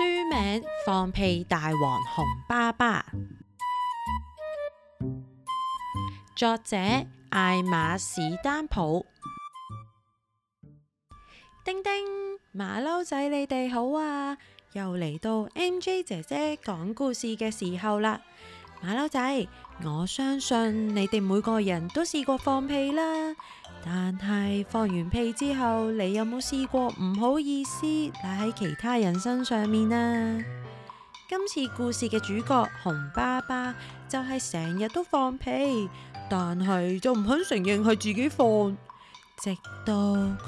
書名《放屁大王熊爸爸》，作者艾瑪史丹普。丁丁馬騮仔，你哋好啊！又嚟到 MJ 姐姐講故事嘅時候啦！馬騮仔，我相信你哋每個人都試過放屁啦，但係放完屁之後，你有冇試過唔好意思賴喺其他人身上面啊？今次故事嘅主角熊爸爸就係成日都放屁，但係就唔肯承認係自己放，直到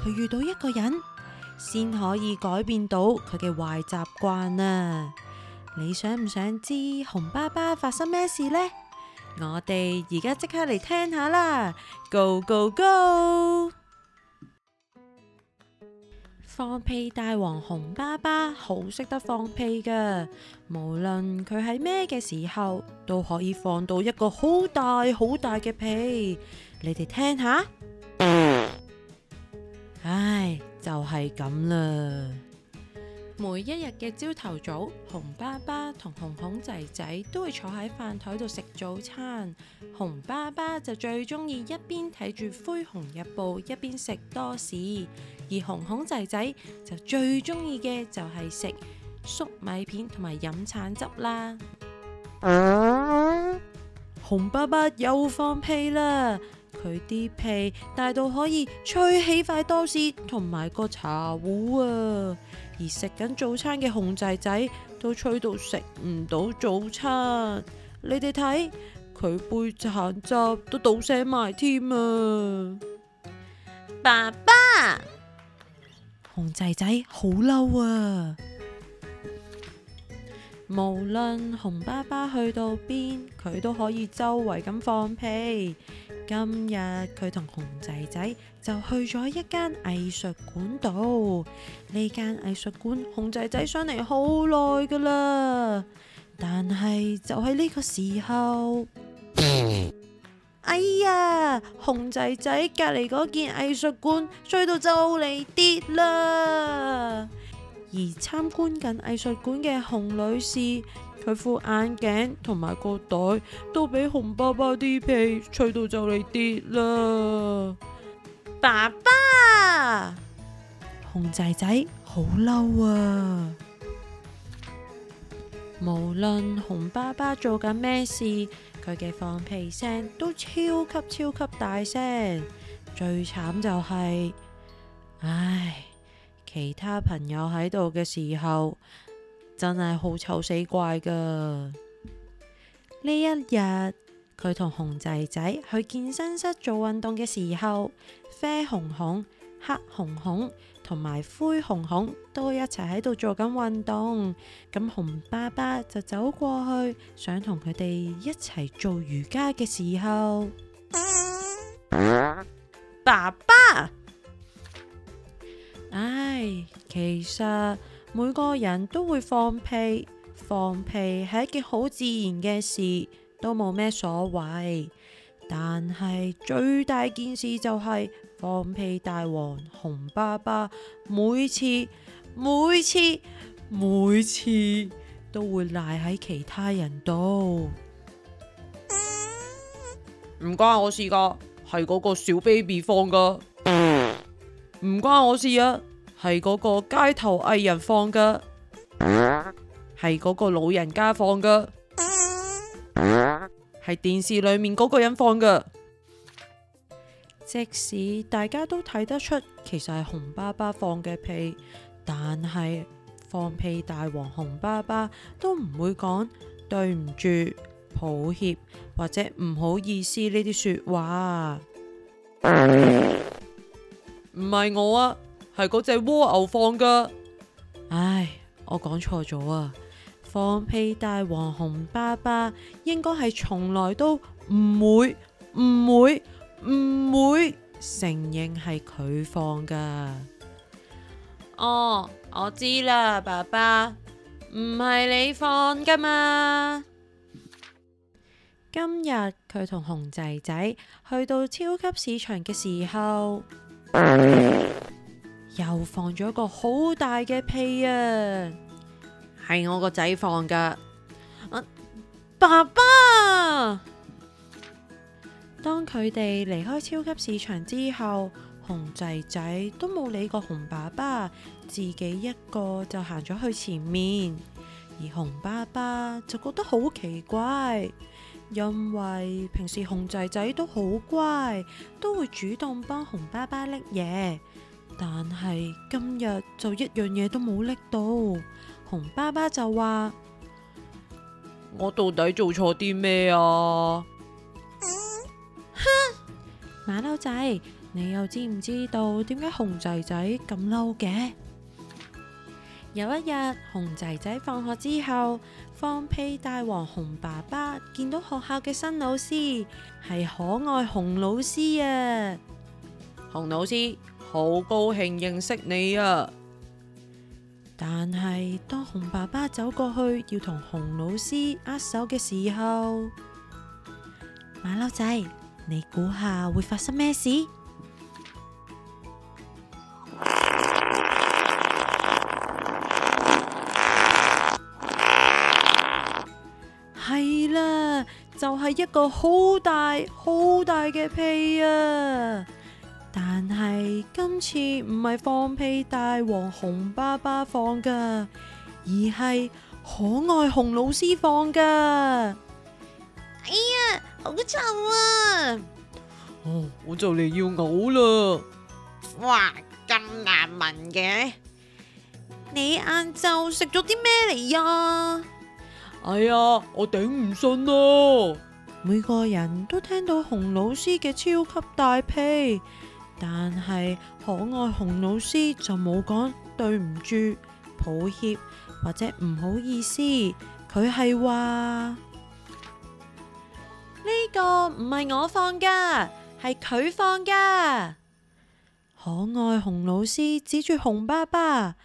佢遇到一個人，先可以改變到佢嘅壞習慣啊！你想唔想知熊爸爸發生咩事呢？我哋而家即刻嚟聽下啦！Go go go！放屁大王熊爸爸好識得放屁㗎，無論佢喺咩嘅時候，都可以放到一個好大好大嘅屁。你哋聽下。唉，就係咁啦。每一日嘅朝頭早，熊爸爸同熊熊仔仔都會坐喺飯台度食早餐。熊爸爸就最中意一邊睇住《灰熊日報》一邊食多士，而熊熊仔仔就最中意嘅就係食粟米片同埋飲橙汁啦。嗯、熊爸爸又放屁啦！佢啲屁大到可以吹起塊多士同埋個茶壺啊！而食緊早餐嘅熊仔仔都吹到食唔到早餐，你哋睇佢杯橙汁都倒瀉埋添啊！爸爸，熊仔仔好嬲啊！無論熊爸爸去到邊，佢都可以周圍咁放屁。今日佢同熊仔仔就去咗一間藝術館度，呢間藝術館熊仔仔上嚟好耐㗎喇，但係就喺呢個時候， 哎呀，熊仔仔隔籬嗰間藝術館追到就嚟跌啦，而參觀緊藝術館嘅熊女士。佢副眼鏡同埋個袋都俾熊爸爸啲屁吹到就嚟跌啦！爸爸，熊仔仔好嬲啊！無論熊爸爸做緊咩事，佢嘅放屁聲都超級超級大聲。最慘就係，唉，其他朋友喺度嘅時候。真係好醜死怪噶！呢一日佢同熊仔仔去健身室做運動嘅時候，啡熊熊、黑熊熊同埋灰熊熊都一齊喺度做緊運動。咁熊爸爸就走過去，想同佢哋一齊做瑜伽嘅時候， 爸爸，唉，其實。每個人都會放屁，放屁係一件好自然嘅事，都冇咩所謂。但係最大件事就係放屁大王熊爸爸每次每次每次都會賴喺其他人度，唔關我事噶，係嗰個小 baby 放噶，唔關我事啊！係嗰個街頭藝人放嘅，係嗰、啊、個老人家放嘅，係、啊、電視裏面嗰個人放嘅。 即使大家都睇得出，其實係熊爸爸放嘅屁，但係放屁大王熊爸爸都唔會講對唔住，抱歉或者唔好意思呢啲說話。唔係 我啊！係嗰隻蝸牛放噶，唉，我講錯咗啊！放屁大王熊爸爸應該係從來都唔會唔會唔會承認係佢放噶。哦，我知啦，爸爸，唔係你放噶嘛。今日佢同熊仔仔去到超級市場嘅時候。嗯又放咗個好大嘅屁啊！係我個仔放㗎，啊、爸爸。當佢哋離開超級市場之後，熊仔仔都冇理過熊爸爸，自己一個就行咗去前面。而熊爸爸就覺得好奇怪，因為平時熊仔仔都好乖，都會主動幫熊爸爸拎嘢。但係今日就一樣嘢都冇拎到，熊爸爸就話：我到底做錯啲咩啊？哼蛤，馬騮仔，你又知唔知道點解熊仔仔咁嬲嘅？有一日，熊仔仔放學之後，放屁大王熊爸爸見到學校嘅新老師係可愛熊老師啊，熊老師。好高興認識你啊！但係當熊爸爸走過去要同熊老師握手嘅時候，馬騮仔，你估下會發生咩事？係啦，就係一個好大好大嘅屁啊！但係今次唔係放屁大王熊爸爸放噶，而係可愛熊老師放噶。哎呀，好臭啊！哦，我就嚟要嘔啦！哇，咁難聞嘅！你晏晝食咗啲咩嚟呀？哎呀，我頂唔順啊。每個人都聽到熊老師嘅超級大屁。但係可愛熊老師就冇講對唔住、抱歉或者唔好意思，佢係話呢個唔係我放噶，係佢放噶。可愛熊老師指住熊爸爸，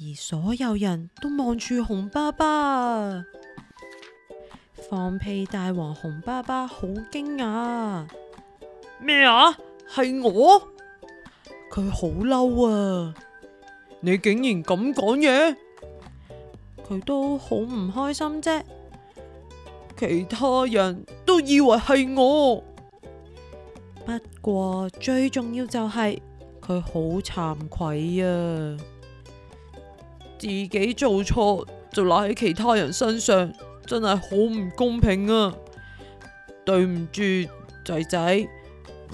而所有人都望住熊爸爸。放屁大王熊爸爸好驚訝，咩啊？係我？佢好嬲啊！你竟然咁講嘢，佢都好唔開心啫。其他人都以為係我，不過最重要就係佢好慚愧啊！自己做錯就賴喺其他人身上，真係好唔公平啊！對唔住，仔仔。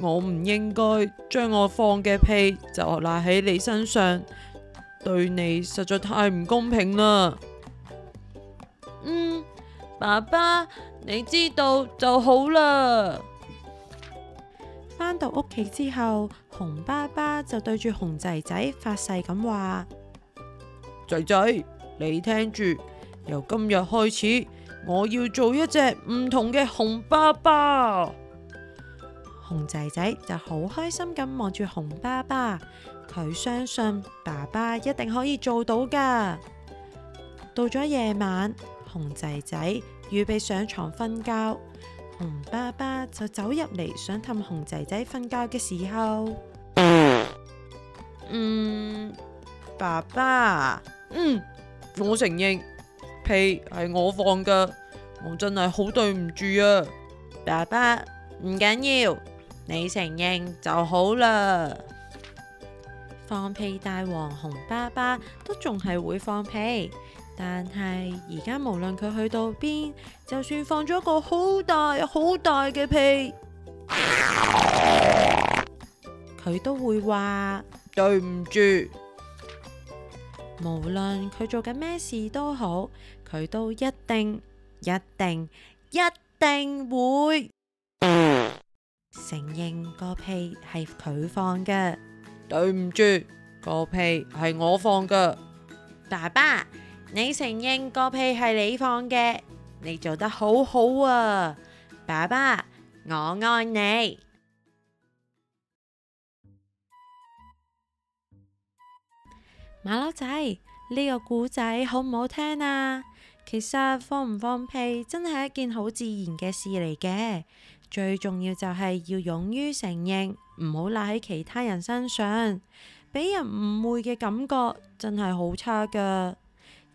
我唔應該將我放嘅屁就賴喺你身上，對你實在太唔公平啦。嗯，爸爸，你知道就好啦。返到屋企之後，熊爸爸就對住熊仔仔發誓咁話：「仔仔，你聽住，由今日開始，我要做一隻唔同嘅熊爸爸。熊仔仔就好開心咁望住熊爸爸，佢相信爸爸一定可以做到㗎。到咗夜晚，熊仔仔預備上床瞓覺，熊爸爸就走入嚟想氹熊仔仔瞓覺嘅時候，嗯，爸爸，嗯，我承認屁係我放㗎，我真係好對唔住啊，爸爸，唔緊要。你承認就好啦。放屁大王熊爸爸都仲係會放屁，但係而家無論佢去到邊，就算放咗一個好大好大嘅屁，佢都會話對唔住。無論佢做緊咩事都好，佢都一定一定一定會。承認個屁係佢放嘅，對唔住，個屁係我放嘅。爸爸，你承認個屁係你放嘅，你做得好好啊！爸爸，我愛你。馬騮仔，呢、這個故仔好唔好聽啊？其實放唔放屁真係一件好自然嘅事嚟嘅。最重要就係要勇於承認，唔好賴喺其他人身上，俾人誤會嘅感覺真係好差噶。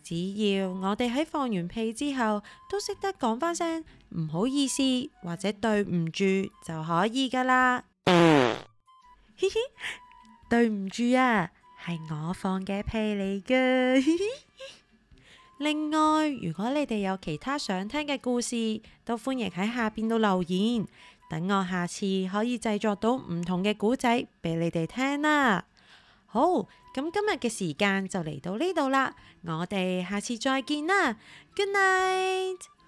只要我哋喺放完屁之後，都識得講翻聲唔好意思或者對唔住就可以噶啦。 對唔住啊，係我放嘅屁嚟噶。 另外，如果你哋有其他想聽嘅故事，都歡迎喺下邊度留言，等我下次可以製作到唔同嘅故仔俾你哋聽啦。好，咁，嗯，今日嘅時間就嚟到呢度啦，我哋下次再見啦，Good night。